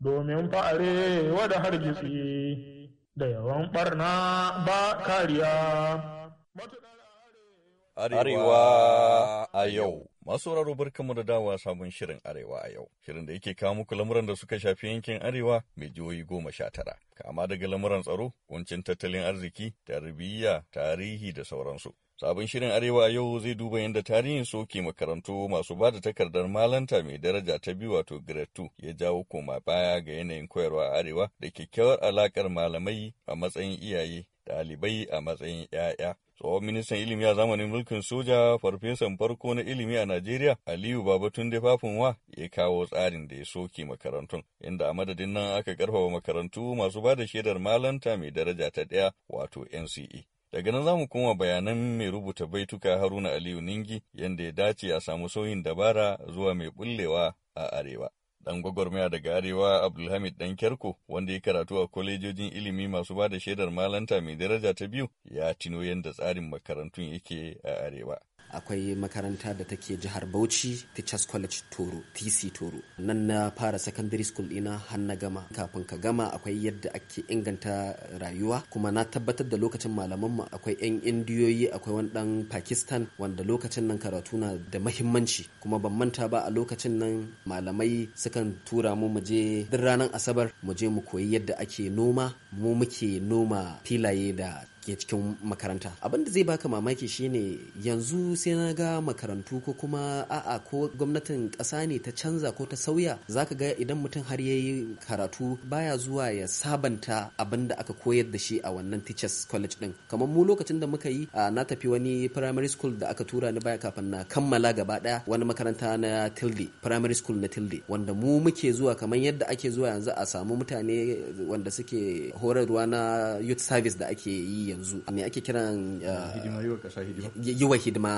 domin fa'are wada hargitsi da yawan ɓarna ba kariya. Arewa a yau. Masu sauraro barkanmu da dawa sabon shirin Arewa a yau. Shirin da yake kawo muku lamuran da suka shafi yankin Arewa mai jihohi goma sha tara. Kama daga lamuran tsaro, kuncin tattalin arziki, tarbiyya, tarihi da sauransu. Sabon shirin Arewa yau zai duba yadda tarihin soke makarantu masu ba da takardar malanta mai daraja ta biyu wato grade ya jawo koma baya ga yanayin koyarwa a Arewa da kyakkyawar alakar malamai a matsayin iyaye, ɗalibai a matsayin 'ya'ya. Tsohon ministan ilimi a zamanin mulkin soja farfesan farko na ilimi a Najeriya Aliyu da fafin wa ya kawo tsarin da ya soke makarantun inda a madadin nan aka karfafa makarantu masu ba da shaidar malanta mai daraja ta ɗaya wato NCE. Daga nan zamu mu koma bayanan mai rubuta baituka Haruna Aliyu Ningi yadda ya dace a samu sauyin dabara zuwa mai bullewa a Arewa. Dan gwagwarmaya daga Arewa Abdulhamid Dan Kyarko wanda ya karatu a kwalejojin ilimi masu ba da shaidar malanta mai daraja ta biyu ya tino yadda tsarin makarantun yake a Arewa. akwai makaranta da take jihar Bauchi Teachers College Toro TC Toro nan na fara secondary school ɗina har na gama kafin ka gama akwai yadda ake inganta rayuwa kuma na tabbatar da lokacin malaman mu akwai 'yan indiyoyi akwai wani dan Pakistan wanda lokacin nan karatu na da mahimmanci kuma ban manta ba a lokacin nan malamai sukan tura mu mu je duk ranar asabar mu je mu koyi yadda ake noma mu muke noma filaye da ke cikin makaranta abin da zai baka mamaki shine yanzu sai na ga makarantu ko kuma a'a ko gwamnatin ƙasa ne ta canza ko ta sauya zaka ga idan mutum har ya yi karatu baya zuwa ya sabanta abin da aka koyar da shi a wannan teachers college din kamar mu lokacin da muka yi na tafi wani primary school da aka tura ni baya kafin na kammala gaba daya wani makaranta na tilde primary school na tilde wanda mu muke zuwa kamar yadda ake zuwa yanzu a samu mutane wanda suke horarwa na youth service da ake yi yi yanzu me ake kiran yi eh, wa hidima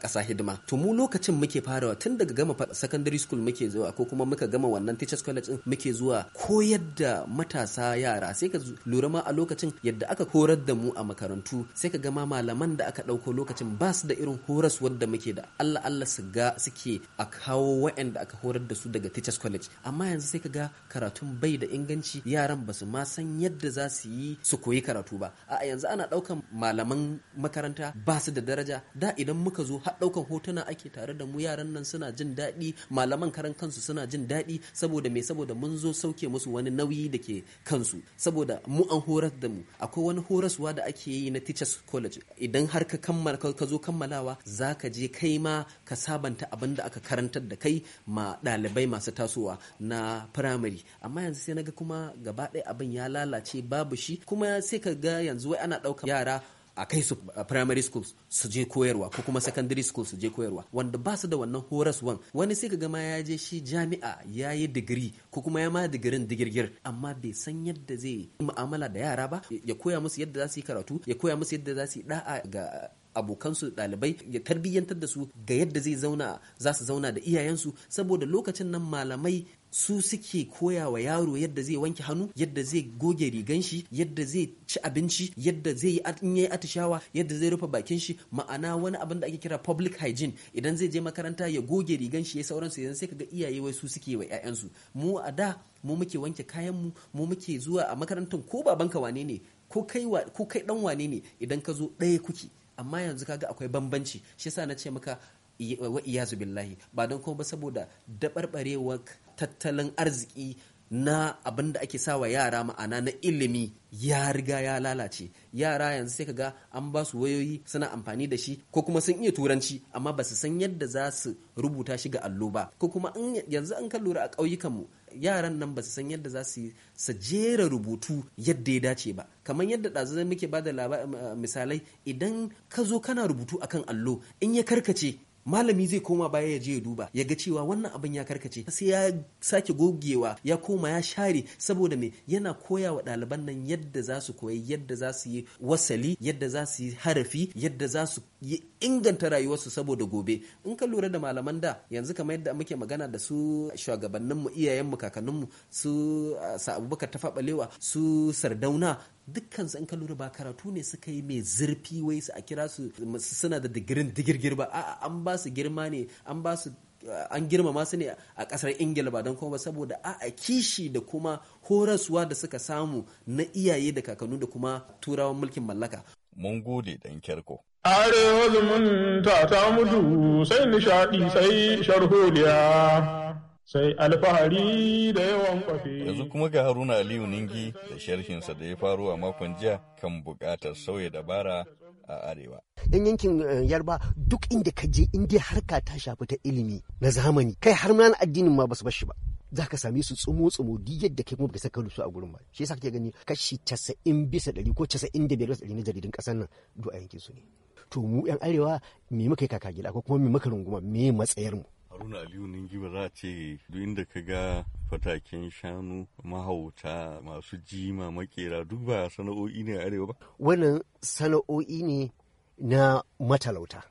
kasa hidima to mu lokacin muke farawa tun daga gama secondary school muke zuwa ko kuma muka gama wannan teachers college muke zuwa koyar da matasa yara sai ka lura ma a lokacin yadda aka horar da mu a makarantu sai ka gama malaman da aka ɗauko lokacin ba su da irin horas wanda muke da Allah Allah su ga suke a kawo waɗanda aka horar da su daga teachers college amma yanzu sai ka ga karatun bai da inganci yaran ba su ma san yadda za su yi su koyi karatu ba a yanzu ana ɗaukan malaman makaranta ba su da daraja da idan muka zo har ɗaukan hotuna ake tare da mu yaran nan suna jin daɗi malaman karan kansu suna jin daɗi saboda me saboda mun zo sauke musu wani nauyi da ke kansu saboda mu an horar da mu akwai wani horaswa da ake yi na teachers college idan har ka kammala ka zo kammalawa za ka je kai ma ka sabanta abin da aka karantar da kai ma ɗalibai masu tasowa na firamare amma yanzu sai naga kuma gaba ɗaya abin ya lalace babu shi kuma sai ka ga yanzu wai ana ɗaukar yara a kai su uh, primary schools su je koyarwa ko kuma secondary schools su je koyarwa wanda ba su da wannan horas wan wani sai ka gama ya je shi jami'a ya yi digiri ko kuma ya ma digirin digirgir amma bai san yadda zai yi mu'amala da yara ba ya koya musu yadda za su yi karatu ya koya musu yadda za su yi da'a ga abokansu da ɗalibai ya tarbiyyantar da su ga yadda zai zauna za su zauna da iyayensu saboda lokacin nan malamai su suke koya wa yaro yadda zai wanke hannu yadda zai goge rigan shi yadda zai ci abinci yadda zai yi in yayi atishawa yadda zai rufe bakin shi ma'ana wani abin da ake kira public hygiene idan zai je makaranta ya goge rigan shi ya sauransu idan sai kaga iyaye wai su suke wa ƴaƴansu mu a da mu muke wanke kayan mu mu muke zuwa a makarantar ko babanka wane ne ko kai dan wane ne idan ka zo ɗaya kuke amma yanzu kaga akwai bambanci shi yasa na ce maka wa iyazu billahi ba don kuma saboda daɓarɓarewar tattalin arziki na abin da ake sawa yara ma'ana na ilimi ya riga ya lalace yara yanzu sai kaga an ba su wayoyi suna amfani da shi ko kuma sun iya turanci amma ba su san yadda za su rubuta shi ga allo ba ko kuma yanzu an kan lura a ƙauyukanmu yaran nan ba su san yadda za su su jera rubutu yadda ya dace ba kamar yadda ɗazazai muke ba da misalai idan ka zo kana rubutu akan allo in ya karkace malami zai koma baya ya je ya duba ya ga cewa wannan abin ya karkace sai ya sake gogewa ya koma ya share saboda me yana koya wa ɗaliban nan yadda za su koyi yadda za su yi wasali yadda za su yi harafi yadda za su yi inganta rayuwarsu saboda gobe in ka lura da malaman da yanzu kamar yadda muke magana da su shugabanninmu iyayenmu kakanninmu su ah, abubakar ta faɓalewa su sardauna dukkan su in ka lura ba karatu ne suka yi mai zurfi wai su a kira su suna da digirin digirgir ba a'a an ba su girma ne an ba su an girmama su ne a kasar ingila ba don kuma saboda a kishi da kuma horaswa da suka samu na iyaye da kakannu da kuma turawan mulkin mallaka mun gode dan kyarko are zumunta ta mutu sai nishaɗi sai sharholiya sai alfahari da yawan kwafi. Yanzu kuma ga Haruna Aliyu Ningi da sharhinsa da ya faru a makon jiya kan buƙatar sauya dabara a arewa. Yan yankin eh, yarba duk inda ka je inda harka ta shafi ta ilimi na zamani kai har ma addinin ma basu bashi ba. za ka same su tsumo tsumo duk yadda kai kuma bisa ka a gurin ba shi yasa kake gani kashi casa'in bisa ɗari ko casa'in 95 bisa ɗari na jaridun kasar nan duk a yankin su ne to mu yan arewa me muka yi kaka gida ko kuma me muka runguma me matsayar mu haruna aliyu ningiba za a ce duk inda ka ga fataken shanu mahauta masu jima makera duk ba sana'o'i ne a arewa ba wannan sana'o'i ne na matalauta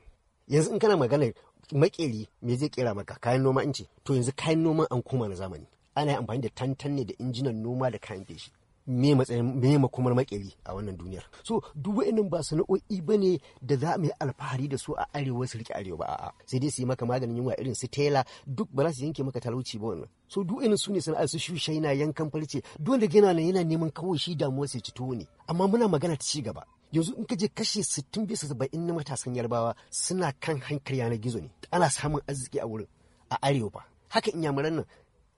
yanzu in kana magana makeri me zai kera maka kayan noma in ce to yanzu kayan noman an koma na zamani ana amfani da tantan ne da injinan noma da kayan feshi me matsayin me makomar makeri a wannan duniyar so duk wa'annan ba sana'o'i ba ne da za mu yi alfahari da su a arewa su rike arewa ba a'a sai dai su yi maka maganin yunwa irin su tela duk ba za su yanke maka talauci ba wannan so duk wa'annan su ne sana'ar su shushai na yankan farce duk wanda yana nan yana neman kawai shi damuwar sai ci tuwo ne amma muna magana ta ci gaba yanzu in ka je kashe sittin bisa 70 na matasan yarbawa suna kan hankali yanar gizo ne ana samun arziki a wurin a arewa haka in yamuran nan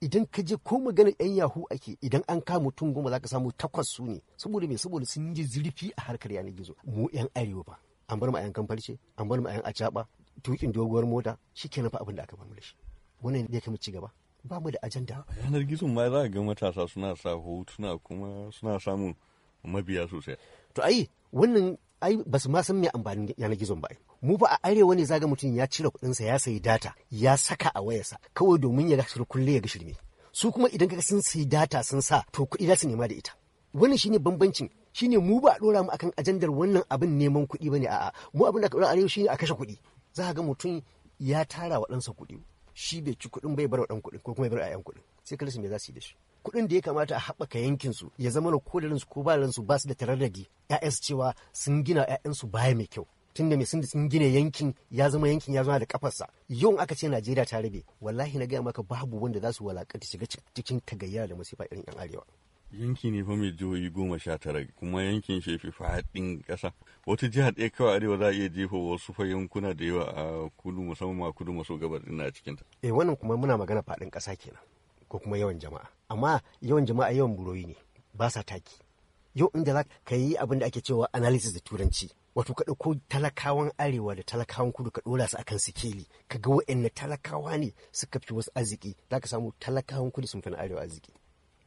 idan ka je ko maganar yan yahu ake idan an kama mutum goma za ka samu takwas su ne saboda me saboda sun yi zurfi a harkar yanar gizo mu yan arewa ba an bar mu a yan kamfarce an bar mu a yan acaba tukin doguwar mota ke fa abin da aka bar da shi wannan ne kama ci gaba ba mu da ajanda yanar gizo ma za ga matasa suna sa hotuna kuma suna samun mabiya sosai to ai wannan ai ba su ma san me amfanin yanar gizon ba ai mu fa a arewa ne zaga mutum ya cire kuɗinsa ya sayi data ya saka a wayarsa kawai domin ya ga kulle ya ga shirme su kuma idan kaga sun sayi data sun sa to kuɗi za su nema da ita wani shine bambancin shine mu ba a dora mu akan ajandar wannan abin neman kuɗi bane a'a mu abin da aka dora arewa shine a kashe kuɗi za ga mutum ya tara wa ɗansa kuɗi shi bai ci kuɗin bai bar wa ɗan kuɗin ko kuma ya bar ayan kuɗin sai kala me za su yi da shi kuɗin da ya kamata a haɓaka yankin su ya zama ko da ransu ko ba ransu ba su da tararragi ƴaƴansu cewa sun gina ƴaƴansu baya mai kyau tunda mai sun sun gina yankin ya zama yankin ya zama da kafarsa yau aka ce Najeriya ta rabe wallahi na gaya maka babu wanda za su walakanta shiga cikin tagayyara da masifa irin yan arewa yanki ne fa mai jihohi goma sha tara kuma yankin shefi faɗin ƙasa wata jihar ɗaya kawai arewa za a iya jefa wasu fa yankuna da yawa a kudu musamman ma kudu maso gabas ɗin a cikin ta. eh wannan kuma muna magana faɗin ƙasa kenan ko kuma yawan jama'a amma yawan jama'a yawan buroyi ne ba sa taki yau inda za ka yi abin da ake cewa analysis da turanci wato ka ɗauko talakawan arewa da talakawan kudu ka ɗora su akan sikeli ka ga wa'anne talakawa ne suka fi wasu arziki za ka samu talakawan kudu sun fi na arewa arziki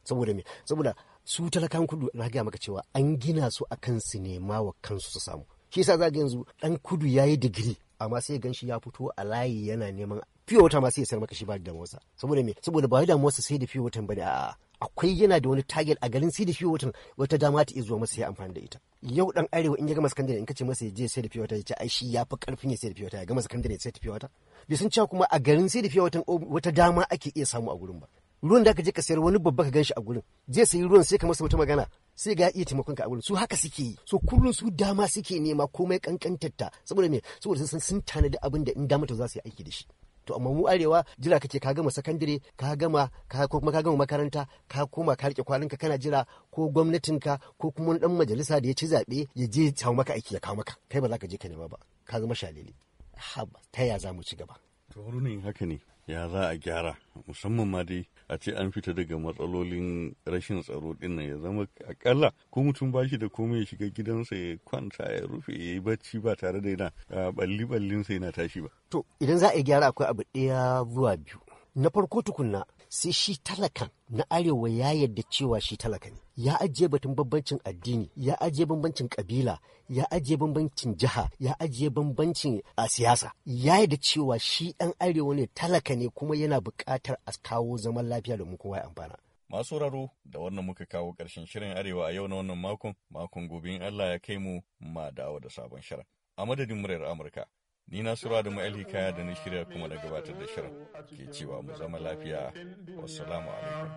saboda me saboda su talakawan kudu na gaya maka cewa an gina su a kan su nema wa kansu su samu shi yasa za yanzu ɗan kudu ya yi digiri amma sai gan shi ya fito a layi yana neman fiye wata ma sai ya sayar maka shi ba da damuwarsa saboda me saboda ba damuwarsa sai da fiye watan bane a'a akwai yana da wani target a garin sai da fiye wata wata dama ta iya zuwa masa ya amfani da ita yau dan arewa in ya gama sakandare in kace masa ya je sai da fiye wata ya ce ai shi ya fi karfin ya sai da fiye wata ya gama sakandare sai da fiye wata bai san cewa kuma a garin sai da fiye wata wata dama ake iya samu a gurin ba ruwan da aka je ka sayar wani babba ka gan shi a gurin je sayi ruwan sai ka masa wata magana sai ga iya taimakon ka a gurin su haka suke yi so kullum su dama suke nema komai kankantatta saboda me saboda sun tanadi abin da in dama ta za su yi aiki da shi to amma mu arewa jira kake ka gama sakandare ka gama ka kuma ka gama makaranta ka koma ka rike kwalinka kana jira ko gwamnatinka ko kuma wani dan majalisa da ya ci zaɓe ya je samu maka aiki ya kawo maka kai ba za ka je ka nema ba ka zama shalili haba ta ya za mu ci gaba to haka ne ya za a gyara musamman ma dai a ce an fita daga matsalolin rashin tsaro din ya zama akalla ko mutum ba shi da komai ya shiga gidansa ya kwanta ya rufe ya yi bacci ba tare da yana balli ah, ballin yana tashi ba to idan za a yi gyara akwai abu ɗaya zuwa biyu na farko tukunna sai shi talakan na arewa ya yadda cewa shi talaka ne ya ajiye batun bambancin addini ya ajiye bambancin kabila ya ajiye bambancin jiha ya ajiye bambancin a siyasa ya yadda cewa shi ɗan arewa ne talaka ne kuma yana buƙatar a kawo zaman lafiya da kowa ya amfana masu raro da wannan muka kawo ƙarshen shirin arewa a yau na wannan makon makon gobe in Allah ya kai mu ma dawo da sabon shirin a madadin muryar Amurka Ni na Sura da Ma'al Hikaya da na shirya kuma da gabatar da shirin ke cewa mu zama lafiya. Wassalamu alaikum.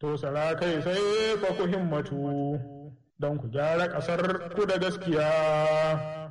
To kai sai ku himmatu don ku gyara ƙasar ku da gaskiya.